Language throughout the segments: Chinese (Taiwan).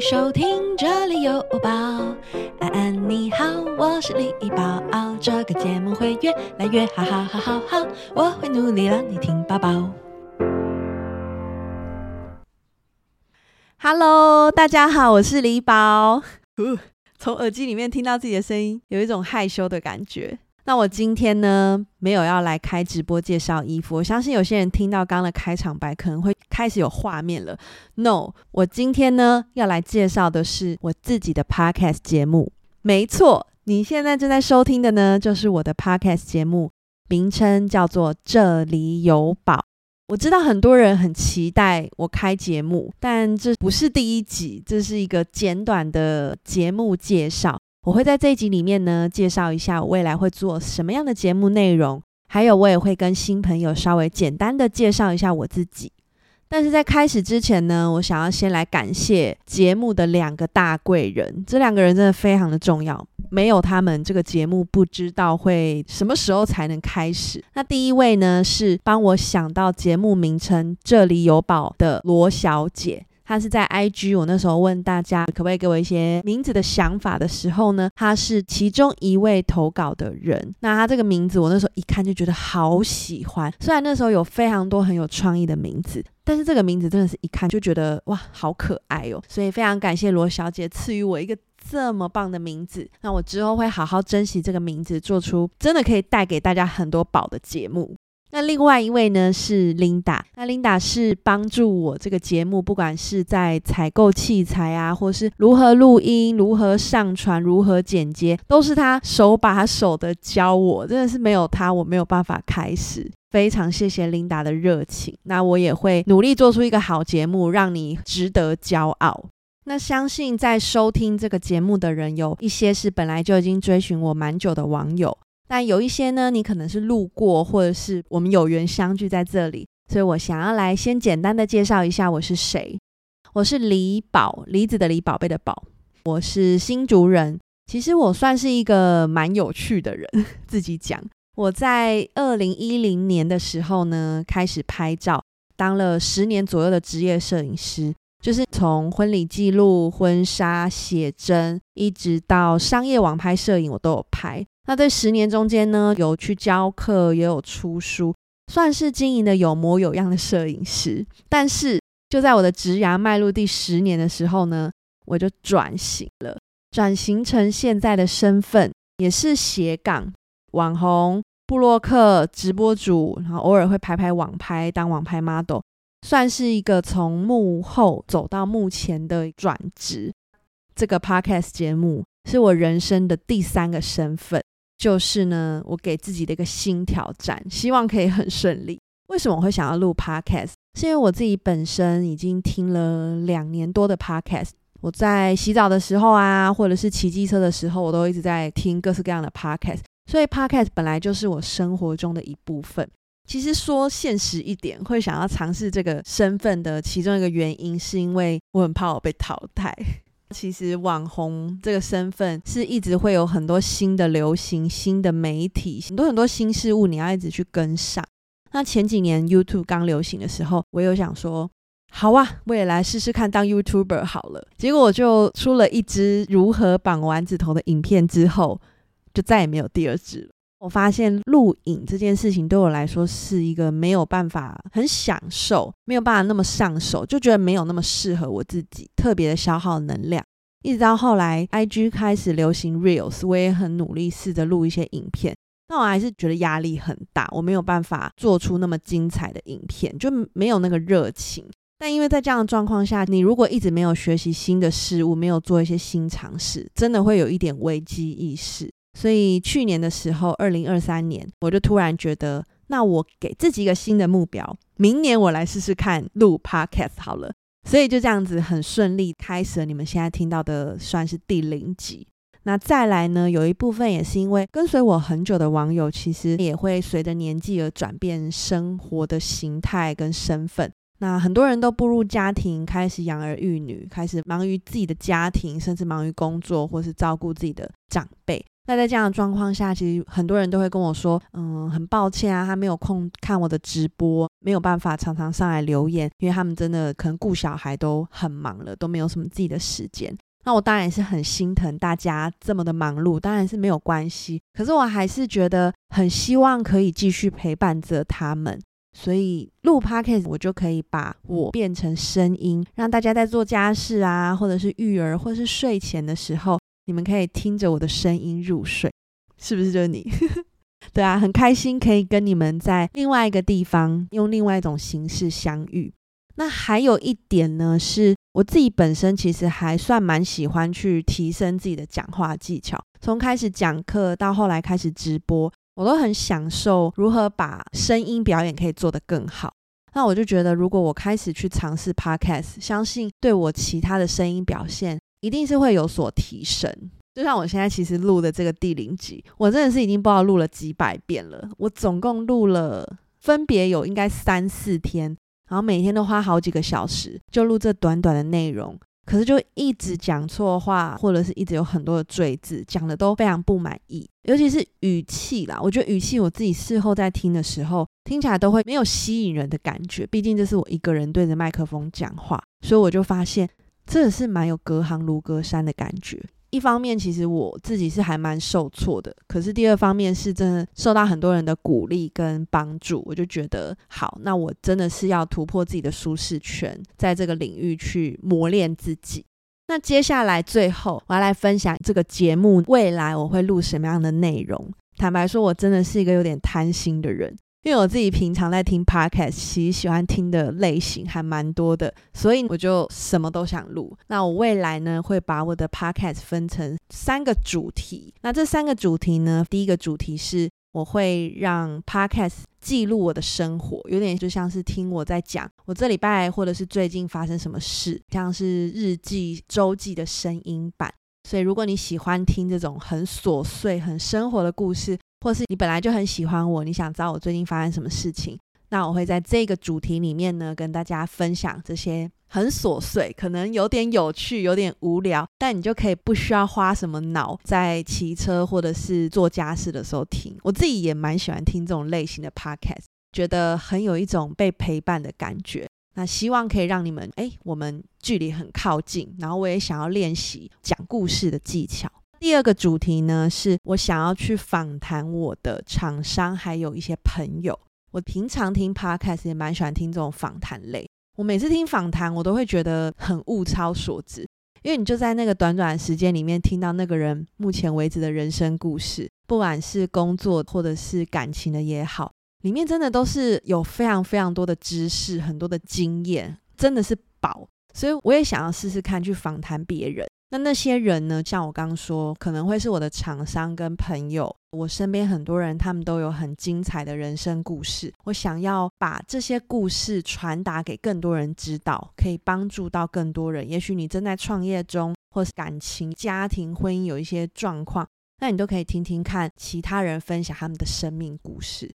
收聽，這裡有我寶。安安你好，我是梨寶，oh, 這個節目會越來越好，好，好，好，好，好，我會努力讓你聽寶寶，寶寶。Hello，大家好，我是梨寶。從、呃、耳機裡面聽到自己的聲音，有一種害羞的感覺。那我今天呢，沒有要來開直播介紹衣服。我相信有些人聽到剛剛的開場白，可能會開始有畫面了。No，我今天呢，要來介紹的是我自己的 podcast 節目。沒錯，你現在正在收聽的呢，就是我的 podcast 節目，名稱叫做《這裡有寶》。我知道很多人很期待我開節目，但這不是第一集，這是一個簡短的節目介紹。我會在這一集裡面呢，介紹一下我未來會做什麼樣的節目內容，還有我也會跟新朋友稍微簡單的介紹一下我自己。但是在開始之前呢，我想要先來感謝節目的兩個大貴人，這兩個人真的非常的重要，沒有他們，這個節目不知道會什麼時候才能開始。那第一位呢，是幫我想到節目名稱“這裡有寶”的羅小姐。他是在 IG，我那時候問大家可不可以給我一些名字的想法的時候呢，他是其中一位投稿的人。那他這個名字我那時候一看就覺得好喜歡，雖然那時候有非常多很有創意的名字，但是這個名字真的是一看就覺得哇，好可愛哦！所以非常感謝羅小姐賜予我一個這麼棒的名字。那我之後會好好珍惜這個名字，做出真的可以帶給大家很多寶的節目。那另外一位呢，是琳達。那琳達是幫助我這個節目，不管是在採購器材啊，或是如何錄音、如何上傳、如何剪接，都是她手把手的教我，真的是沒有她，我沒有辦法開始。非常謝謝琳達的熱情，那我也會努力做出一個好節目，讓你值得驕傲。那相信在收聽這個節目的人，有一些是本來就已經追尋我蠻久的網友。但有一些呢，你可能是路過，或者是我們有緣相聚在這裡，所以我想要來先簡單的介紹一下我是誰。我是梨寶，梨子的梨，寶貝的寶。我是新竹人，其實我算是一個蠻有趣的人。自己講，我在二零一零年的時候呢，開始拍照，當了十年左右的職業攝影師，就是從婚禮記錄、婚紗寫真，一直到商業網拍攝影，我都有拍。那這十年中間呢，有去教課，也有出書，算是經營的有模有樣的攝影師。但是就在我的職涯邁入第十年的時候呢，我就轉型了，轉型成現在的身份，也是斜槓網紅、部落客、直播主，然後偶爾會拍拍網拍當網拍 model，算是一個從幕後走到幕前的轉職。這個 Podcast 節目是我人生的第三個身份。就是呢，我給自己的一個新挑戰，希望可以很順利。為什麼我會想要錄 podcast？是因為我自己本身已經聽了兩年多的 podcast。我在洗澡的時候啊，或者是騎機車的時候，我都一直在聽各式各樣的 podcast。所以 podcast 本來就是我生活中的一部分。其實說現實一點，會想要嘗試這個身份的其中一個原因，是因為我很怕我被淘汰。其實網紅這個身份是一直會有很多新的流行、新的媒體、很多很多新事物，你要一直去跟上。那前幾年 YouTube 剛流行的時候，我有想說，好啊，我也來試試看當 YouTuber 好了。結果我就出了一支如何綁丸子頭的影片之後，就再也沒有第二支了。我發現錄影這件事情對我來說是一個沒有辦法很享受，沒有辦法那麼上手，就覺得沒有那麼適合我自己，特別的消耗能量。一直到後來，IG 開始流行 Reels，我也很努力試着錄一些影片，但我還是覺得壓力很大，我沒有辦法做出那麼精彩的影片，就沒有那個熱情。但因為在這樣的狀況下，你如果一直沒有學習新的事物，沒有做一些新嘗試，真的會有一點危機意識。所以去年的時候，二零二三年，我就突然覺得，那我給自己一個新的目標，明年我來試試看錄 Podcast 好了。所以就這樣子很順利開始了，你們現在聽到的算是第零集。那再來呢，有一部分也是因為跟隨我很久的網友，其實也會隨着年紀而轉變生活的形態跟身份。那很多人都步入家庭，開始養兒育女，開始忙於自己的家庭，甚至忙於工作，或是照顧自己的長輩。那在這樣的狀況下，其實很多人都會跟我說，嗯，很抱歉啊，他沒有空看我的直播，沒有辦法常常上來留言，因為他們真的可能顧小孩都很忙了，都沒有什麼自己的時間。那我當然也是很心疼大家這麼的忙碌，當然是沒有關係，可是我還是覺得很希望可以繼續陪伴着他們，所以錄 podcast 我就可以把我變成聲音，讓大家在做家事啊，或者是育兒，或者是睡前的時候。你們可以聽着我的聲音入睡，是不是？就是你， 對啊，很開心可以跟你們在另外一個地方用另外一種形式相遇。那還有一點呢，是我自己本身其實還算蠻喜歡去提升自己的講話技巧。從開始講課到後來開始直播，我都很享受如何把聲音表演可以做得更好。那我就覺得，如果我開始去嘗試 podcast，相信對我其他的聲音表現。一定是會有所提升，就像我現在其實錄的這個第零集，我真的是已經不知道錄了幾百遍了。我總共錄了，分別有應該三四天，然後每天都花好幾個小時就錄這短短的內容，可是就一直講錯話，或者是一直有很多的贅字，講得都非常不滿意。尤其是語氣啦，我覺得語氣我自己事後再聽的時候，聽起來都會沒有吸引人的感覺。畢竟這是我一個人對着麥克風講話，所以我就發現。真的是蠻有隔行如隔山的感覺。一方面，其實我自己是還蠻受挫的；可是第二方面，是真的受到很多人的鼓勵跟幫助，我就覺得好，那我真的是要突破自己的舒適圈，在這個領域去磨練自己。那接下來，最後我要來分享這個節目未來我會錄什麼樣的內容。坦白說，我真的是一個有點貪心的人。因為我自己平常在聽 podcast，其實喜歡聽的類型還蠻多的，所以我就什麼都想錄。那我未來呢，會把我的 podcast 分成三個主題。那這三個主題呢，第一個主題是我會讓 podcast 記錄我的生活，有點就像是聽我在講我這禮拜或者是最近發生什麼事，像是日記、周記的聲音版。所以，如果你喜歡聽這種很瑣碎、很生活的故事，或是你本來就很喜歡我，你想知道我最近發生什麼事情，那我會在這個主題裡面呢，跟大家分享這些很瑣碎，可能有點有趣、有點無聊，但你就可以不需要花什麼腦，在騎車或者是做家事的時候聽。我自己也蠻喜歡聽這種類型的 podcast，覺得很有一種被陪伴的感覺。那希望可以讓你們，哎，我們距離很靠近，然後我也想要練習講故事的技巧。第二個主題呢是，我想要去訪談我的廠商，還有一些朋友。我平常聽 Podcast 也蠻喜歡聽這種訪談類。我每次聽訪談，我都會覺得很物超所值，因為你就在那個短短時間裡面聽到那個人目前為止的人生故事，不管是工作或者是感情的也好。裡面真的都是有非常非常多的知識，很多的經驗，真的是寶。所以我也想要試試看去訪談別人。那那些人呢？像我剛剛說，可能會是我的廠商跟朋友。我身邊很多人，他們都有很精彩的人生故事。我想要把這些故事傳達給更多人知道，可以幫助到更多人。也許你正在創業中，或是感情、家庭、婚姻有一些狀況，那你都可以聽聽看其他人分享他們的生命故事。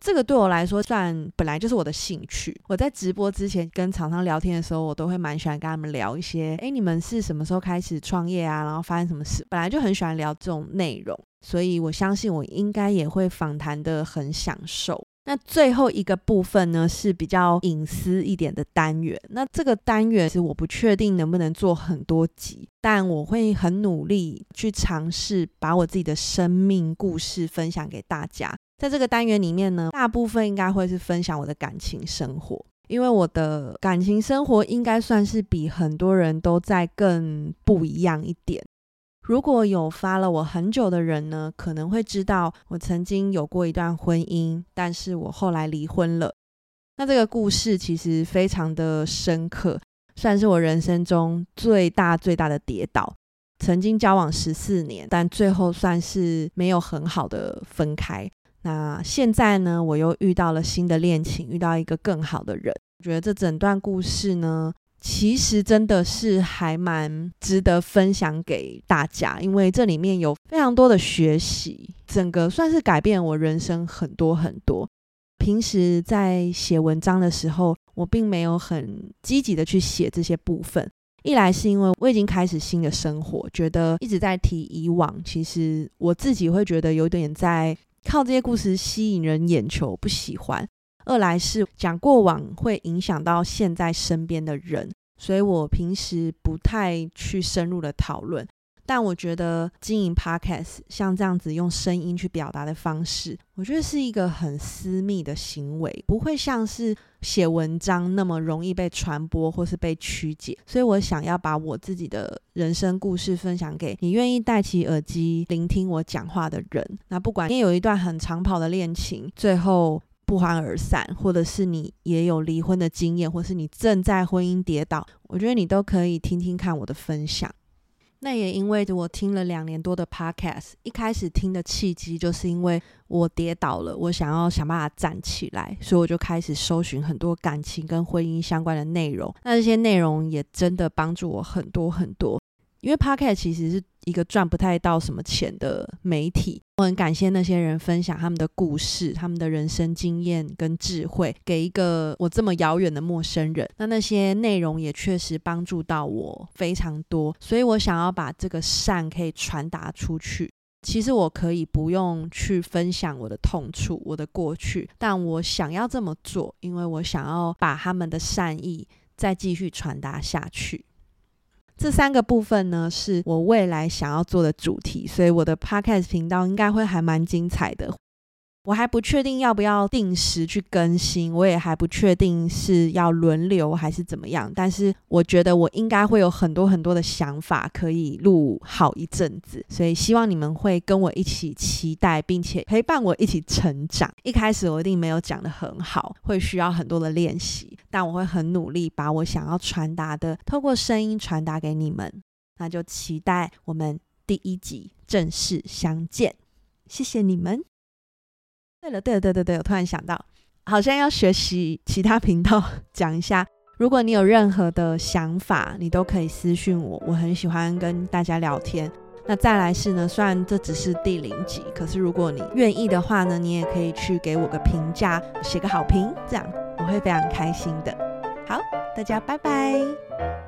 這個對我來說算本來就是我的興趣。我在直播之前跟廠商聊天的時候，我都會蠻喜歡跟他們聊一些，哎，你們是什麼時候開始創業啊？然後發生什麼事？本來就很喜歡聊這種內容，所以我相信我應該也會訪談得很享受。那最後一個部分呢，是比較隱私一點的單元。那這個單元是我不確定能不能做很多集，但我會很努力去嘗試把我自己的生命故事分享給大家。在這個單元裡面呢，大部分應該會是分享我的感情生活，因為我的感情生活應該算是比很多人都再更不一樣一點。如果有發了我很久的人呢，可能會知道我曾經有過一段婚姻，但是我後來離婚了。那這個故事其實非常的深刻，算是我人生中最大最大的跌倒。曾經交往十四年，但最後算是沒有很好的分開。那現在呢，我又遇到了新的戀情，遇到一個更好的人。我覺得這整段故事呢，其實真的是還蠻值得分享給大家，因為這裡面有非常多的學習，整個算是改變我人生很多很多。平時在寫文章的時候，我並沒有很積極的去寫這些部分，一來是因為我已經開始新的生活，覺得一直在提以往，其實我自己會覺得有點在。靠這些故事吸引人眼球，不喜歡。二來是講過往會影響到現在身邊的人，所以我平時不太去深入的討論。但我覺得經營 Podcast 像這樣子用聲音去表達的方式，我覺得是一個很私密的行為，不會像是寫文章那麼容易被傳播或是被曲解。所以我想要把我自己的人生故事分享給你願意戴起耳機聆聽我講話的人。那不管你有一段很長跑的戀情，最後不歡而散，或者是你也有離婚的經驗，或者是你正在婚姻跌倒，我覺得你都可以聽聽看我的分享。那也因為我聽了兩年多的 podcast，一開始聽的契機就是因為我跌倒了，我想要想辦法站起來，所以我就開始搜尋很多感情跟婚姻相關的內容。那這些內容也真的幫助我很多很多。因為 Podcast 其實是一個賺不太到什麼錢的媒體，我很感謝那些人分享他們的故事、他們的人生經驗跟智慧，給一個我這麼遙遠的陌生人。那那些內容也確實幫助到我非常多，所以我想要把這個善可以傳達出去。其實我可以不用去分享我的痛處、我的過去，但我想要這麼做，因為我想要把他們的善意再繼續傳達下去。這三個部分呢，是我未來想要做的主題，所以我的 podcast 頻道應該會還蠻精彩的。我還不確定要不要定時去更新，我也還不確定是要輪流還是怎麼樣。但是我覺得我應該會有很多很多的想法可以錄好一陣子，所以希望你們會跟我一起期待，並且陪伴我一起成長。一開始我一定沒有講得很好，會需要很多的練習。那我會很努力把我想要傳達的，透過聲音傳達給你們。那就期待我們第一集正式相見，謝謝你們。對了，對了，對了對了對了，我突然想到，好像要學習其他頻道講一下。如果你有任何的想法，你都可以私訊我，我很喜歡跟大家聊天。那再來是呢，雖然這只是第零集，可是如果你願意的話呢，你也可以去給我個評價，寫個好評，這樣。我會非常開心的。好，大家拜拜。